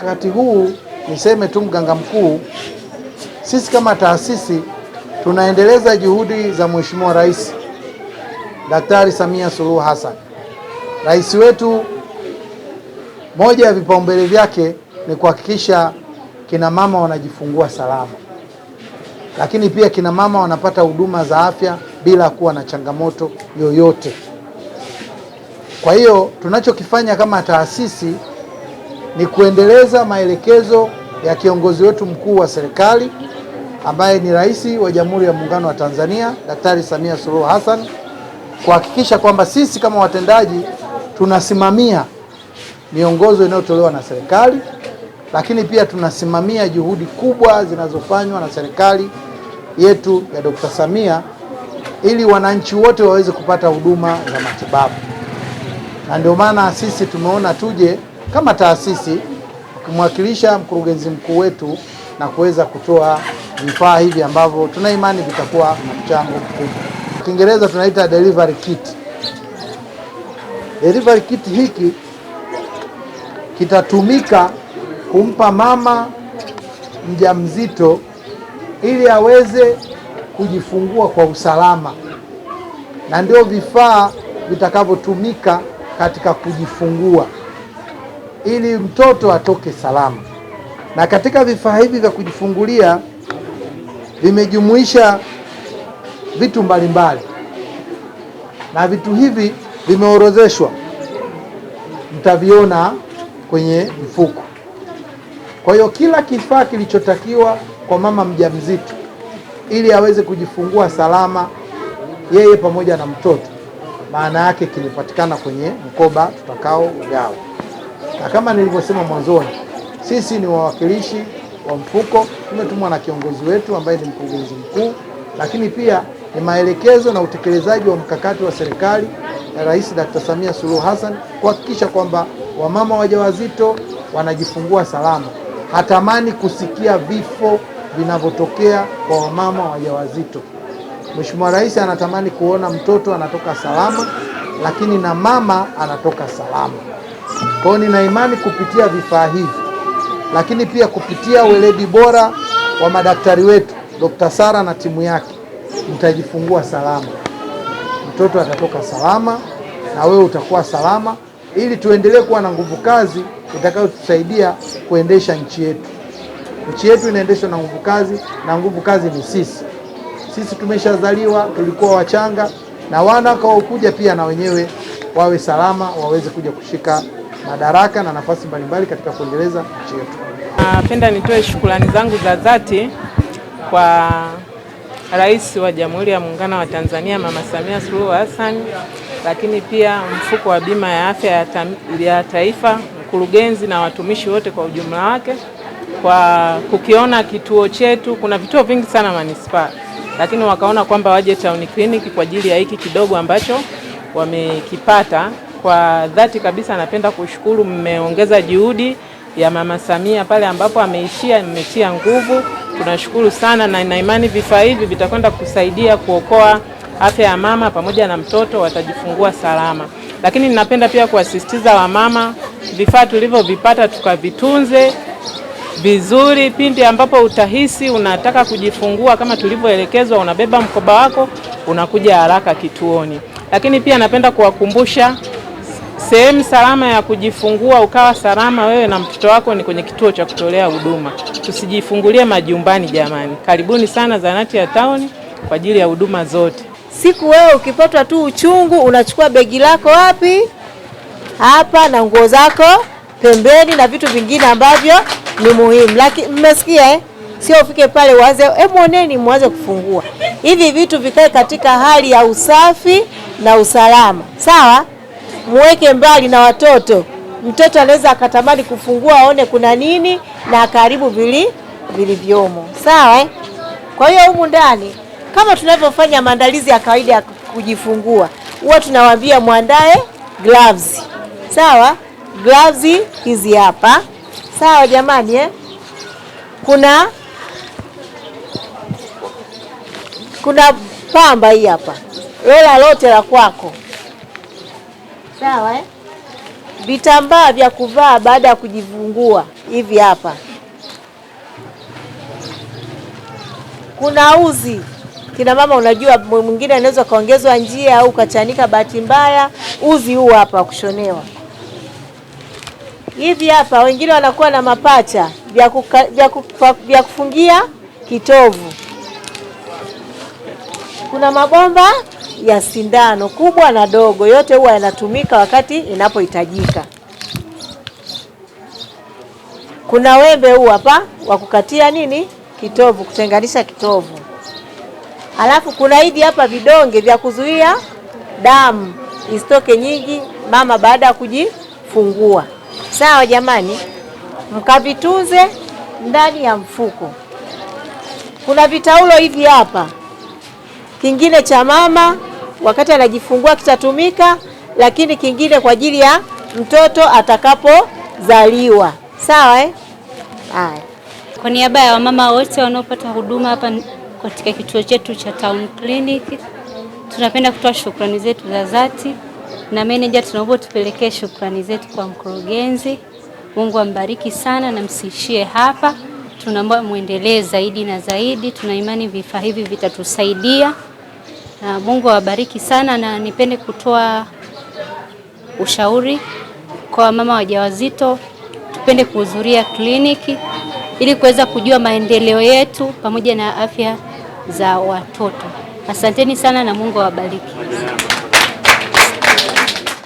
mkakati huu niseme tu, mganga mkuu, sisi kama taasisi tunaendeleza juhudi za Mheshimiwa Rais Daktari Samia Suluhu Hassan. Rais wetu, moja ya vipaumbele vyake ni kuhakikisha kina mama wanajifungua salama, lakini pia kina mama wanapata huduma za afya bila kuwa na changamoto yoyote. Kwa hiyo tunachokifanya kama taasisi ni kuendeleza maelekezo ya kiongozi wetu mkuu wa serikali ambaye ni Rais wa Jamhuri ya Muungano wa Tanzania Daktari Samia Suluhu Hassan kuhakikisha kwamba sisi kama watendaji tunasimamia miongozo inayotolewa na serikali, lakini pia tunasimamia juhudi kubwa zinazofanywa na serikali yetu ya Dr. Samia ili wananchi wote waweze kupata huduma za matibabu, na ndio maana sisi tumeona tuje kama taasisi kumwakilisha mkurugenzi mkuu wetu na kuweza kutoa vifaa hivi ambavyo tuna imani vitakuwa na mchango mkubwa. Kiingereza tunaita delivery kit. Delivery kit hiki kitatumika kumpa mama mjamzito ili aweze kujifungua kwa usalama, na ndio vifaa vitakavyotumika katika kujifungua ili mtoto atoke salama. Na katika vifaa hivi vya kujifungulia vimejumuisha vitu mbalimbali na vitu hivi vimeorozeshwa, mtaviona kwenye mfuko. Kwa hiyo kila kifaa kilichotakiwa kwa mama mjamzito ili aweze kujifungua salama yeye pamoja na mtoto, maana yake kimepatikana kwenye mkoba tutakao gawa. Na kama nilivyosema mwanzoni, sisi ni wawakilishi wa mfuko, tumetumwa na kiongozi wetu ambaye ni mkurugenzi mkuu, lakini pia ni maelekezo na utekelezaji wa mkakati wa serikali ya Rais Dr. Samia Suluhu Hassan kuhakikisha kwamba wamama wajawazito wanajifungua salama. Hatamani kusikia vifo vinavyotokea kwa wamama wajawazito. Mheshimiwa Rais anatamani kuona mtoto anatoka salama, lakini na mama anatoka salama. Kwa hiyo nina imani kupitia vifaa hivi, lakini pia kupitia weledi bora wa madaktari wetu, Dr. Sara na timu yake, mtajifungua salama, mtoto atatoka salama na wewe utakuwa salama, ili tuendelee kuwa na nguvu kazi itakayotusaidia kuendesha nchi yetu. Nchi yetu inaendeshwa na nguvu kazi, na nguvu kazi ni sisi. Sisi tumeshazaliwa tulikuwa wachanga, na wana wakaokuja pia na wenyewe wawe salama, waweze kuja kushika madaraka na nafasi mbalimbali katika kuendeleza nchi yetu. Napenda nitoe shukrani zangu za dhati kwa Rais wa Jamhuri ya Muungano wa Tanzania Mama Samia Suluhu Hassan, lakini pia mfuko wa bima ya afya ya, ta ya taifa, mkurugenzi na watumishi wote kwa ujumla wake kwa kukiona kituo chetu. Kuna vituo vingi sana manispaa, lakini wakaona kwamba waje Town Clinic kwa ajili ya hiki kidogo ambacho wamekipata. Kwa dhati kabisa napenda kushukuru, mmeongeza juhudi ya Mama Samia pale ambapo ameishia, mmetia nguvu. Tunashukuru sana na ina imani vifaa hivi vitakwenda kusaidia kuokoa afya ya mama pamoja na mtoto, watajifungua salama. Lakini ninapenda pia kuwasisitiza wamama, vifaa tulivyovipata tukavitunze vizuri. Pindi ambapo utahisi unataka kujifungua kama tulivyoelekezwa, unabeba mkoba wako unakuja haraka kituoni. Lakini pia napenda kuwakumbusha Sehemu salama ya kujifungua ukawa salama wewe na mtoto wako ni kwenye kituo cha kutolea huduma. Tusijifungulie majumbani jamani. Karibuni sana zahanati ya tauni kwa ajili ya huduma zote. Siku wewe ukipatwa tu uchungu, unachukua begi lako wapi? Hapa, na nguo zako pembeni, na vitu vingine ambavyo ni muhimu. Lakini mmesikia eh? Sio ufike pale waze oneni, mwanze kufungua. Hivi vitu vikae katika hali ya usafi na usalama, sawa muweke mbali na watoto. Mtoto anaweza akatamani kufungua aone kuna nini na akaharibu vili vilivyomo, sawa eh? Kwa hiyo humu ndani kama tunavyofanya maandalizi ya kawaida ya kujifungua, huwa tunawaambia mwandae gloves, sawa. Gloves hizi hapa, sawa jamani eh? kuna kuna pamba hii hapa, lola lote la kwako sawa eh? Vitambaa vya kuvaa baada ya kujivungua hivi hapa, kuna uzi. Kina mama, unajua mwingine anaweza ukaongezwa njia au ukachanika, bahati mbaya. Uzi huu hapa kushonewa hivi hapa, wengine wanakuwa na mapacha vya, kuka, vya, kufa, vya kufungia kitovu, kuna mabomba ya sindano kubwa na dogo, yote huwa yanatumika wakati inapohitajika. Kuna wembe huu hapa wa kukatia nini, kitovu, kutenganisha kitovu. Alafu kuna hivi hapa vidonge vya kuzuia damu isitoke nyingi mama baada ya kujifungua. Sawa jamani, mkavitunze ndani ya mfuko. Kuna vitaulo hivi hapa, kingine cha mama wakati anajifungua kitatumika, lakini kingine kwa ajili ya mtoto atakapozaliwa. Sawa eh? Haya, kwa niaba ya wamama wote wanaopata huduma hapa katika kituo chetu cha Town Clinic tunapenda kutoa shukrani zetu za dhati, na meneja, tunaomba tupelekee shukrani zetu kwa mkurugenzi. Mungu ambariki sana na msiishie hapa, tunaomba muendelee zaidi na zaidi. Tuna imani vifaa hivi vitatusaidia na Mungu awabariki sana, na nipende kutoa ushauri kwa wamama wajawazito, tupende kuhudhuria kliniki ili kuweza kujua maendeleo yetu pamoja na afya za watoto. Asanteni sana na Mungu awabariki.